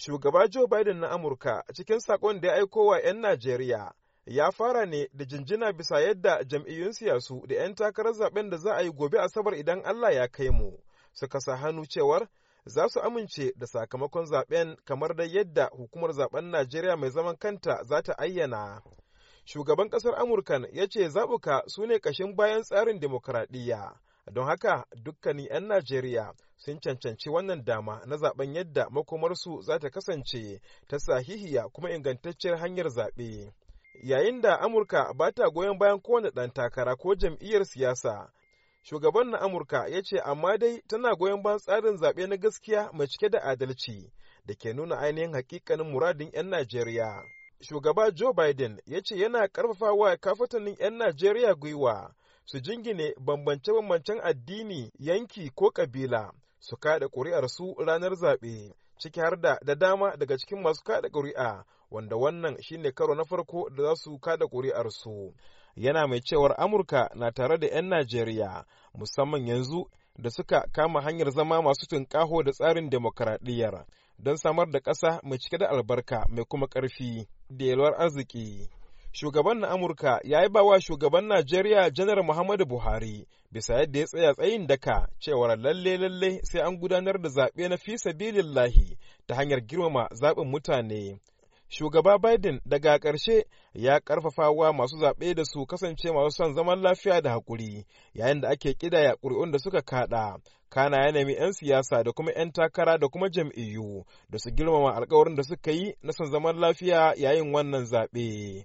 Shugaba Joe Biden na Amurka cikin saƙon da ya aiko wa 'yan Najeriya ya fara ne da jinjina bisa yadda jam'iyyun siyasu da 'yan takarar zaben da za a yi gobe Asabar idan Allah ya kai mu suka sa hannu cewar za su amince da sakamakon zaben kamar da yadda hukumar zaben Najeriya mai zaman kanta za ta ayyana. Shugaban ƙasar Amurkan ya ce zaɓuka su ne ƙashin bayan tsarin dimokuraɗiyya. Don haka dukkanin 'yan Najeriya sun cancanci wannan dama na zaben yadda makomarsu za ta kasance ta sahihiya kuma ingantacciyar hanyar zaɓe. Yayin da Amurka ba ta goyon bayan kowane ɗan takara ko jam'iyyar siyasa, shugaban na Amurka ya ce amma dai tana goyon bayan tsarin zaɓe na gaskiya mai cike da adalci da ke nuna ainihin hakikanin muradin 'yan Najeriya. Shugaba Joe Biden ya ce yana ƙarfafa wa kafatanin 'yan Najeriya gwiwa su jingine bambance-bambancen addini yanki ko ƙabila su kada ƙuri'arsu ranar zaɓe ciki har da da dama daga cikin masu kaɗa ƙuri'a wanda wannan shine karo na farko da za su kada ƙuri'arsu yana mai cewar amurka na tare da 'yan najeriya musamman yanzu da suka kama hanyar zama masu tunƙaho da tsarin demokaradiyyar don samar da ƙasa mai cike da albarka mai kuma ƙarfi da arziki shugaban na Amurka ya yi bawa shugaban Najeriya Janar Muhammadu Buhari bisa yadda ya tsaya tsayin daka cewar lalle lalle sai an gudanar da zaɓe na fi sabilillahi ta hanyar girmama zaɓin mutane. Shugaba Biden daga ƙarshe ya ƙarfafa wa masu zaɓe da su kasance masu son zaman lafiya da haƙuri yayin da ake ƙidaya ƙuri'un da suka kaɗa. Kana ya nemi 'yan siyasa da kuma 'yan takara da kuma jam'iyyu da su girmama alkawarin da suka yi na son zaman lafiya yayin wannan zaɓe.